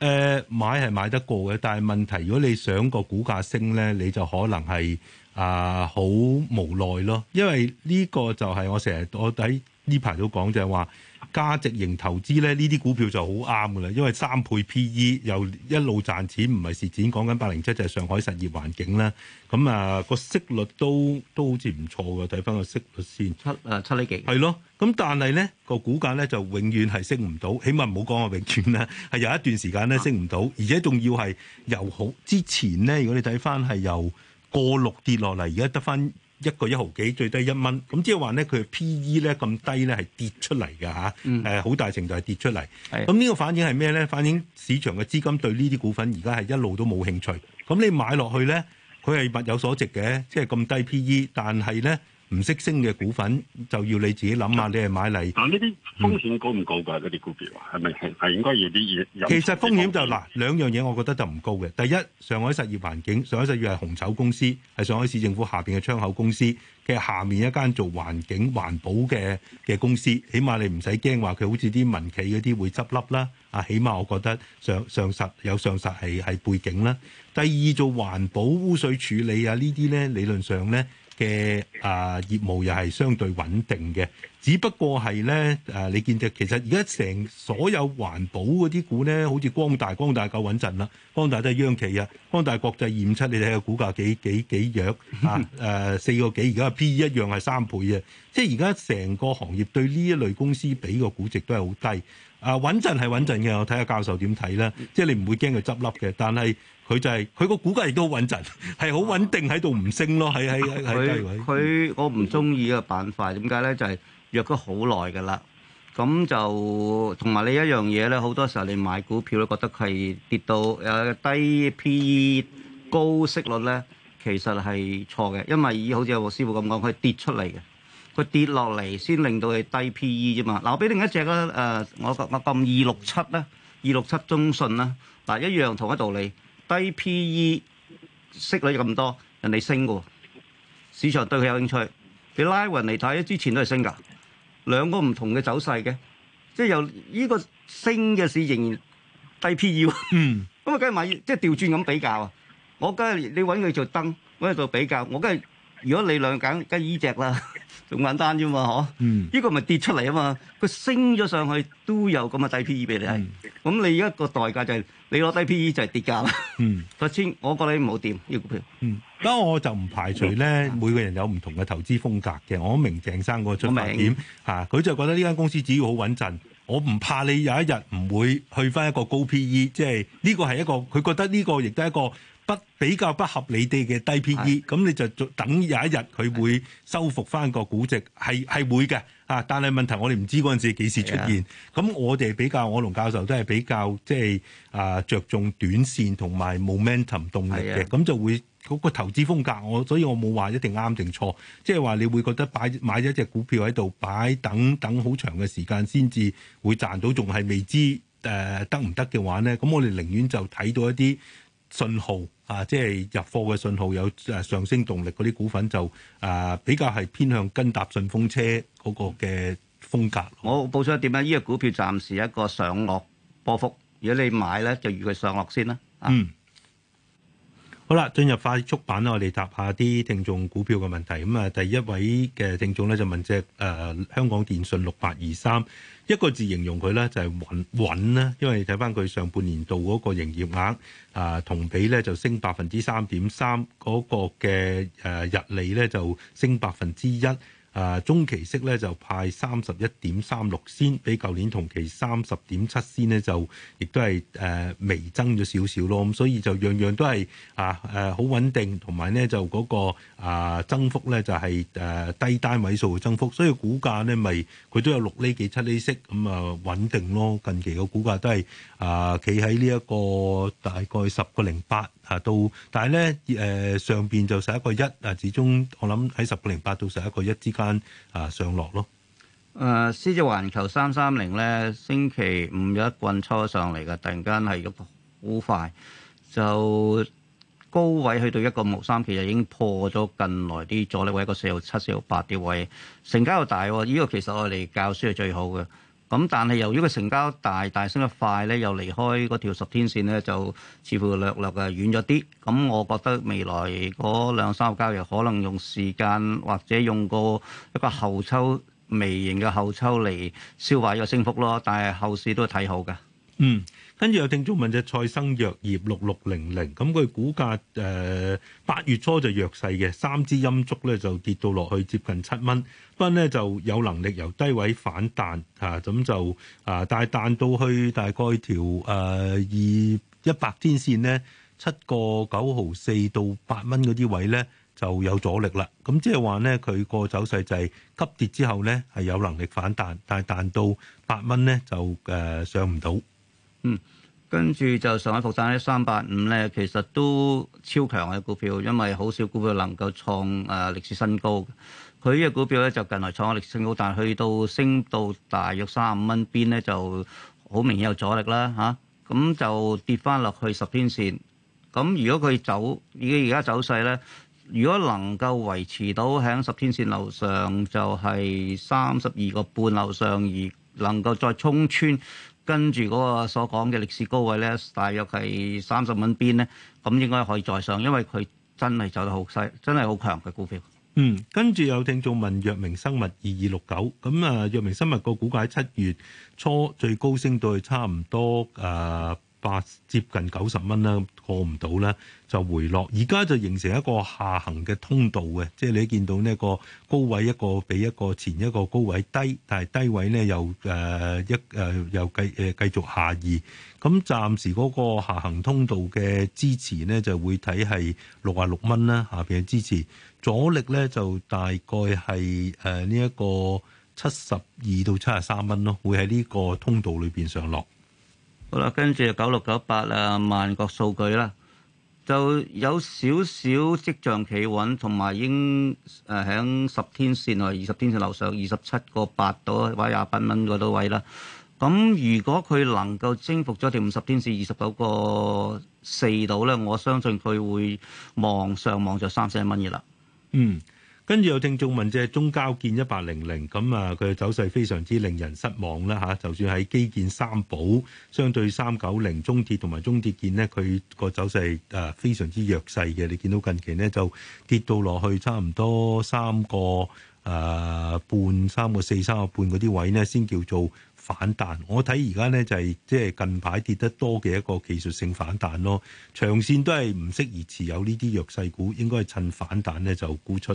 誒、呃、買係買得過嘅，但係問題如果你想個股價升咧，你就可能係啊好無奈咯，因為呢個就係我成日我喺呢排都講就係話。價值型投資咧，呢啲股票就好啱嘅啦，因為三倍 P/E 又一路賺錢，唔係蝕錢講緊八零七就係上海實業環境啦。咁啊個息率都都好似唔錯嘅，睇翻個息率先。七誒七釐幾。係咯，咁但係咧個股價咧就永遠係升唔到，起碼唔好講我永遠啦，係有一段時間咧升唔到，而且仲要係由好之前咧，如果你睇翻係由過六跌落嚟，而家得翻，一個一毫幾，最低一蚊，咁即係話咧，佢 P E 咧咁低咧係跌出嚟嘅嚇，誒好、嗯呃、大程度係跌出嚟。咁呢的個反映係咩咧？反映市場嘅資金對呢啲股份而家係一路都冇興趣。咁你買落去咧，佢係物有所值嘅，即係咁低 P E，但係咧。唔識升嘅股份就要你自己諗下你係買嚟，但係呢啲風險高唔高㗎？嗰啲股票係咪係應該要啲嘢？有其實風險就嗱兩樣嘢，我覺得就唔高嘅。第一，上海實業環境，上海實業係紅籌公司，係上海市政府下邊嘅窗口公司，其實下面一間做環境環保嘅嘅公司，起碼你唔使驚話佢好似啲民企嗰啲會執笠啦。啊，起碼我覺得上上實有上實係係背景啦。第二做環保污水處理啊呢啲咧，理論上咧。嘅啊業務又係相對穩定嘅，只不過係咧誒，你見就其實而家成所有環保嗰啲股咧，好似光大光大夠穩陣啦，光大都係央企啊，光大國際二五七，你睇下股價幾幾幾，幾弱啊誒、啊，四個幾而家 P E 一樣係三倍嘅，即係而家成個行業對呢一類公司俾個估值都係好低啊，穩陣係穩陣嘅，我睇下教授點睇啦，即係你唔會驚佢執笠嘅，但係。佢就係佢個股價亦都好穩陣，係好穩定喺度，唔升咯。係係係佢我唔中意嘅板塊點解咧？就係弱咗好耐噶啦，咁就同埋你一樣嘢咧。好多時候你買股票都覺得佢跌到誒低 P E 高息率咧，其實係錯嘅，因為以好似我師傅咁講，佢跌出嚟嘅，佢跌落嚟先令到佢低 P E 啫嘛。嗱，我俾另一隻啦，誒、呃，我我撳二六七啦，二六七中信啦，嗱，一樣同一道理。低 P/E 息率咁多，人哋升嘅，市場對佢有興趣。你拉勻嚟睇，之前都係升㗎，兩個唔同嘅走勢嘅，即係由依個升嘅市仍然低 P/E。 嗯，咁啊，梗係買，即係調轉咁比較啊。我梗係你揾佢做燈，揾佢做比較，我梗係。如果你兩揀，梗依隻啦，仲簡單啫嘛，嗬？嗯，呢個咪跌出嚟啊嘛，佢升咗上去都有咁嘅低 PE 俾你睇，咁、嗯、你而家個代價就係、是、你攞低 PE 就係跌價啦。嗯，頭先我覺得你唔好掂，呢、這個股票。嗯，咁我就唔排除咧，每個人有唔同嘅投資風格嘅。我明鄭生嗰個出發點嚇，佢就覺得呢間公司只要好穩陣，我唔怕你有一日唔會去翻一個高 PE，即係呢、這個係一個佢覺得呢個亦都係一個。不比較不合理地嘅低 P/E，咁的你就等有一日佢會收復翻個估值，係係會嘅嚇、啊。但係問題我哋唔知嗰陣時幾時出現。咁的我哋比較，我同教授都係比較即係啊著重短線同埋 momentum 動力嘅，咁的就會嗰、那個投資風格。我所以我冇話一定啱定錯，即係話你會覺得擺買咗隻股票喺度擺等等好長嘅時間先至會賺到，仲係未知誒、呃、得唔得嘅話咧，咁我哋寧願就睇到一啲信號。啊，即係入貨嘅信號有上升動力嗰啲股份就啊比較係偏向跟搭順風車嗰個嘅風格。我補充一點啊，呢個股票暫時一個上落波幅。如果你買咧，就預佢上落先啦。嗯。嗯。好啦，進入快速版啦，我哋答下啲聽眾股票嘅問題。咁、嗯、啊，第一位嘅聽眾咧就問隻誒、呃、香港電訊六八二三，一個字形容佢咧就係穩穩啦，因為你睇翻佢上半年度嗰個營業額啊、呃、同比咧就升百分之三點三，嗰、那個嘅誒、呃、日利咧就升百分之一。啊，中期息咧就派三十一點三六仙，比舊年同期三十點七仙呢就亦都係誒微增咗少少咯，咁所以就樣樣都係啊誒好穩定，同埋呢就嗰個啊增幅呢就係誒低單位數嘅增幅，所以股價呢咪佢都有六厘幾七厘息，咁啊穩定咯，近期個股價都係啊企喺呢一個大概十個零八。啊，到但係咧，誒、呃、上邊就十一個一啊，始終我諗喺十個零八到十一個一之間啊上落咯。誒、呃，獅子環球三三零咧，星期五有一棍抽上嚟嘅，突然間係咁好快，就高位去到一個木三，其實已經破咗近來啲阻力位一個四六七、四六八啲位，成交又大喎，哦、呢、這個其實我哋教書係最好嘅。咁但係由於個成交大大升得快咧，又離開嗰條十天線咧，就似乎略略嘅遠咗啲。咁我覺得未來嗰兩三個交易日可能用時間或者用個一個後抽微型嘅後抽嚟消化呢個升幅咯。但係後市都係睇好嘅。嗯。跟住又正中問隻賽生藥業六六零零，咁佢股價誒八、呃、月初就弱勢嘅，三支陰燭咧就跌到落去接近七蚊，不過咧就有能力由低位反彈嚇，咁、啊、就啊，但係彈到去大概條誒二一百天線呢，七個九毫四到八蚊嗰啲位咧就有阻力啦。咁即係話咧，佢個走勢就係急跌之後咧係有能力反彈，但係彈到八蚊咧就誒、呃、上唔到。跟住就上海復產呢，三八五呢其實都超強嘅股票，因為好少股票能夠創誒、呃、歷史新高。佢呢個股票呢，就近來創咗歷史新高，但係去到升到大約三十五蚊邊呢，就好明顯有阻力啦吓。咁、啊嗯、就跌翻落去十天線。咁、嗯、如果佢走以而家走勢呢，如果能夠維持到喺十天線樓上就係三十二個半樓上，而能夠再衝穿。跟住嗰個所講嘅歷史高位咧，大約係三十蚊邊咧，咁應該可以再上，因為佢真係走得好犀利，真係好強嘅股票。嗯，跟住有聽眾問藥明生物，二二六九，咁啊藥明生物個股價喺七月初最高升到係差唔多啊。呃接近九十蚊啦，過唔到啦，就回落。而家就形成一個下行嘅通道嘅，即係你見到呢個高位一個比一個前一個高位低，但係低位呢又誒一誒又繼誒繼續下移。咁暫時嗰個下行通道嘅支持呢，就會睇係六啊六蚊啦，下邊嘅支持阻力呢，就大概係誒呢一個七十二到七十三蚊咯，會喺呢個通道裏邊上落。好啦，跟住九六九八啊，萬國數據啦，就有少少跡象企穩，同埋已經喺十天線內、二十天線樓上二十七個八到，或者廿八蚊嗰度位啦。咁如果佢能夠征服咗條五十天線二十九個四度咧，我相信佢會望上望就三四蚊嘢啦。嗯。跟住有聽眾問，即係中交建一八零零咁啊，佢嘅走勢非常之令人失望啦嚇。就算喺基建三寶，相對三九零、中鐵同埋中鐵建呢，佢個走勢誒非常之弱勢嘅。你見到近期呢，就跌到落去差唔多三個誒半三個四三個半嗰啲位呢先叫做反彈。我睇而家呢，就係即係近排跌得多嘅一個技術性反彈咯。長線都係唔適宜持有呢啲弱勢股，應該係趁反彈呢就沽出。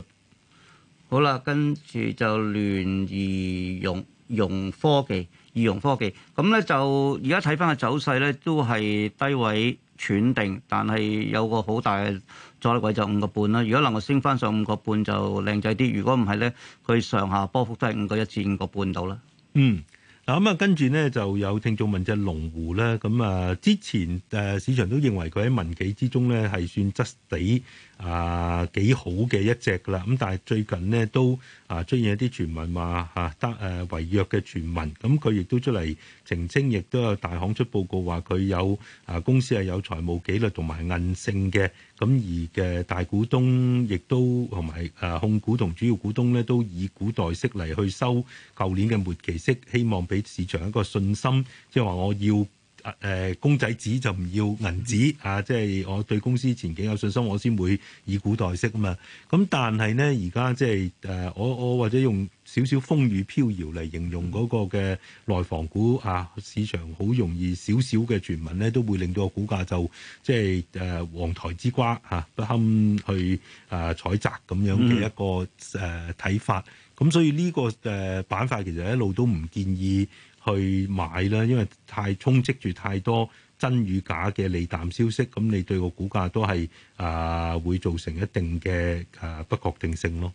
好啦，跟住就聯易融融，融融科技、易融，融科技，咁咧就而家睇翻個走勢咧，都係低位喘定，但係有個好大嘅阻力位就五個半啦。如果能夠升翻上五個半就靚仔啲，如果唔係咧，佢上下波幅都係五個一至五個半到啦。嗯。嗱咁啊，跟住咧就有聽眾問隻龍湖咧，咁啊之前誒市場都認為佢喺民企之中咧係算質地啊幾好嘅一隻啦，咁但係最近呢，都啊出現一啲傳聞話嚇得誒違約嘅傳聞，咁佢亦都出嚟澄清，亦都有大行出報告話佢有啊公司係有財務紀律同埋韌性嘅。咁而嘅大股東亦都同埋誒控股同主要股東咧，都以股代息嚟去收舊年嘅末期息，希望俾市場一個信心，即係話我要。誒、呃、公仔紙就唔要銀紙啊！即、就、係、是、我對公司前景有信心，我先會以股代息啊嘛。咁但係呢，而家即係誒我我或者用少少風雨飄搖嚟形容嗰個嘅內房股啊，市場好容易少少嘅傳聞咧，都會令到個股價就即係誒黃台之瓜嚇、啊，不堪去啊採摘咁樣嘅一個誒睇、嗯啊、法。咁所以呢、這個誒板塊其實一路都唔建議去買啦，因為太充斥住太多真與假嘅利淡消息，咁你對個股價都係啊、呃、會造成一定嘅啊不確定性咯。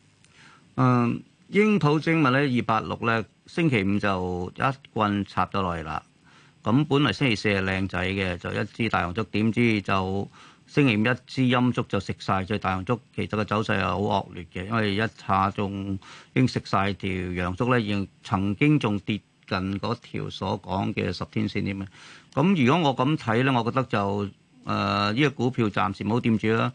嗯，鷹普精密咧二八六咧，星期五就一棍插咗落嚟啦。咁本嚟星期四係靚仔嘅，就一支大陽燭，點知就星期五一支陰燭就食曬，所以大陽燭，其實個走勢係好惡劣嘅，因為一下仲已經食晒條陽燭咧，已經曾經仲跌。近嗰條所講嘅十天線點嘅？咁如果我咁睇咧，我覺得就誒呢、呃這個股票暫時冇掂住啦。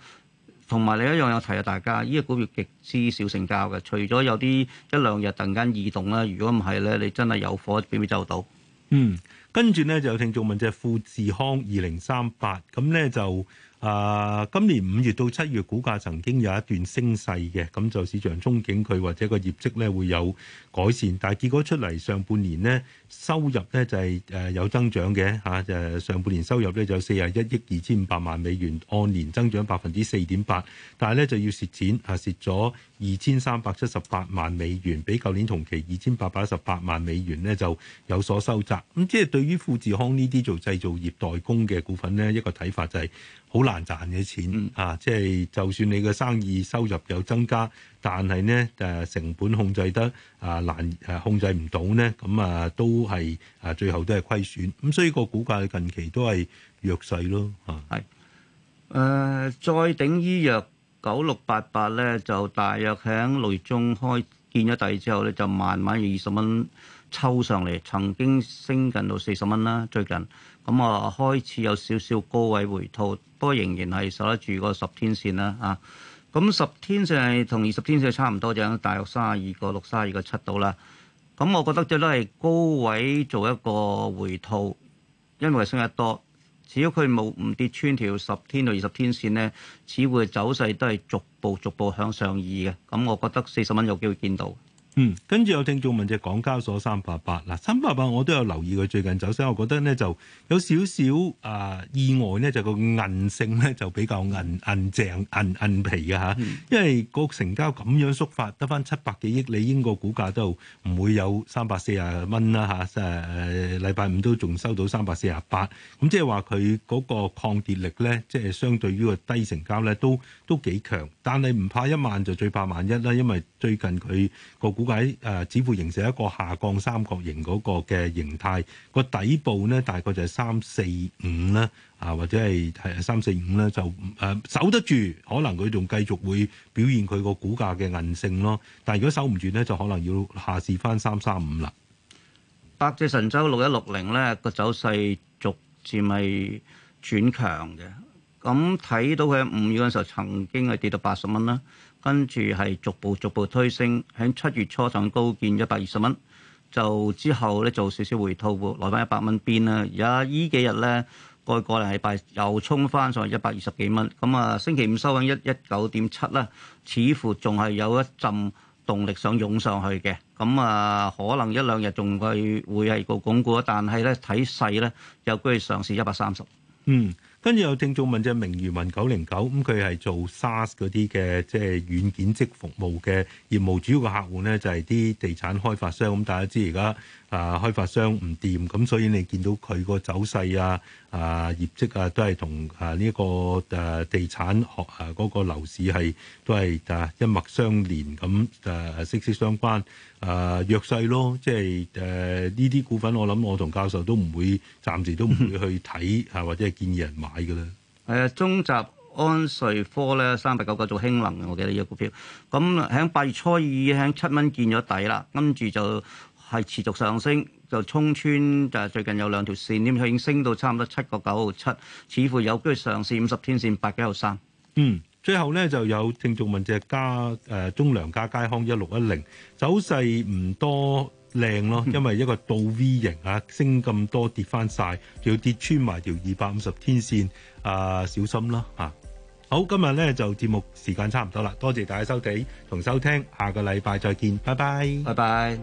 同埋你一樣有提啊，大家呢、這個股票極之少成交嘅，除咗有啲一兩日突然間異動啦，如果唔係咧，你真係有火變唔周到。嗯，跟住咧就有聽眾問隻富智康二零三八，咁咧就。啊，今年五月到七月股價曾經有一段升勢嘅，咁就市場憧憬佢或者個業績呢會有改善，但係結果出嚟上半年呢收入呢就係誒有增長嘅嚇，就上半年收入呢就四十一億二千五百萬美元，按年增長百分之四點八，但係呢，就要蝕錢嚇，蝕咗二千三百七十八萬美元，比舊年同期二千八百一十八萬美元呢就有所收窄。咁即係對於富士康呢啲做製造業代工嘅股份呢，一個睇法就係、是。好難賺嘅錢、嗯、啊！即、就、係、是、就算你嘅生意收入有增加，但係咧誒成本控制得啊難誒、啊、控制唔到咧，咁、嗯、啊都係啊最後都係虧損。咁所以個股價近期都係弱勢咯嚇。係誒、呃、再鼎醫藥九六八八咧，就大約喺六月中開見咗底之後咧，就慢慢二十蚊抽上嚟，曾經升緊到四十蚊啦，最近。咁啊，開始有少少高位回吐，不過仍然係守得住個十天線啦，啊！咁十天線係同二十天線差唔多，就喺大約卅二個六卅二個七度啦。咁我覺得即都係高位做一個回吐，因為升得多，只要佢冇唔跌穿條十天到二十天線咧，似乎走勢都係逐步逐步向上移嘅。咁我覺得四十蚊有機會見到。嗯，跟住有聽眾問就港交所三八八嗱，三八八我都有留意佢最近走勢，我覺得呢就有少少啊、呃、意外呢就個韌性呢，就比較韌韌淨韌韌皮嘅吓，因為個成交咁樣縮發得返七百幾億，你應個股價都唔會有三百四十蚊啦吓，誒禮拜五都仲收到三百四十八，咁即係話佢嗰個抗跌力呢，即係相對於個低成交呢，都都幾強，但係唔怕一萬就最怕萬一啦，因為最近佢個股。估計誒似乎形成一個下降三角形嗰個嘅形態，個底部咧大概就係三四五啦，啊或者係係三四五咧就誒、呃、守得住，可能佢仲繼續會表現佢個股價嘅韌性咯。但係如果守唔住咧，就可能要下試翻三三五啦。百濟神州六一六零咧，個走勢逐漸係轉強嘅，咁睇到佢五月嗰陣時候曾經係跌到八十蚊啦。跟住係逐步逐步推升，喺七月初上高見一百二十蚊，就之後咧做少少回吐，落翻一百蚊邊啦。而家依幾日咧，過去個禮拜又衝翻上去一百二十幾蚊。咁啊，星期五收緊一一九點七啦，似乎仲係有一陣動力想湧上去嘅。咁啊，可能一兩日仲會會係個鞏固，但係咧睇勢咧又居於上試一百三十。嗯。跟住有聽眾問隻明源雲九零九，咁佢係做 SaaS 嗰啲嘅，即係軟件即服務嘅業務，主要個客戶咧就係啲地產開發商。咁大家知而家啊開發商唔掂，咁所以你見到佢個走勢啊。啊業績啊都係同啊呢個誒地產學啊嗰、那個樓市係都係啊一脈相連咁誒、啊、息息相關啊弱勢咯，即係誒呢啲股份我諗我同教授都唔會，暫時都唔會去睇啊，或者係建議人買㗎喇。誒、 呃、中集安瑞科咧三百九九做興能嘅，我記得呢個股票。咁喺八月初二，喺七蚊見咗底啦，跟住就。係持續上升，就衝穿。就最近有兩條線添，佢已經升到差唔多七個九毫七，似乎有機會上試五十天線八幾毫三。8, 9, 嗯，最後咧就有聽眾問隻加誒、呃、中糧加佳康一六一零走勢唔多靚咯，因為一個倒 V 型啊，升咁多跌翻晒仲要跌穿埋條二百五十天線啊、呃，小心啦嚇。好，今日咧就節目時間差唔多啦，多謝大家收睇同收聽，下個禮拜再見，拜拜，拜拜。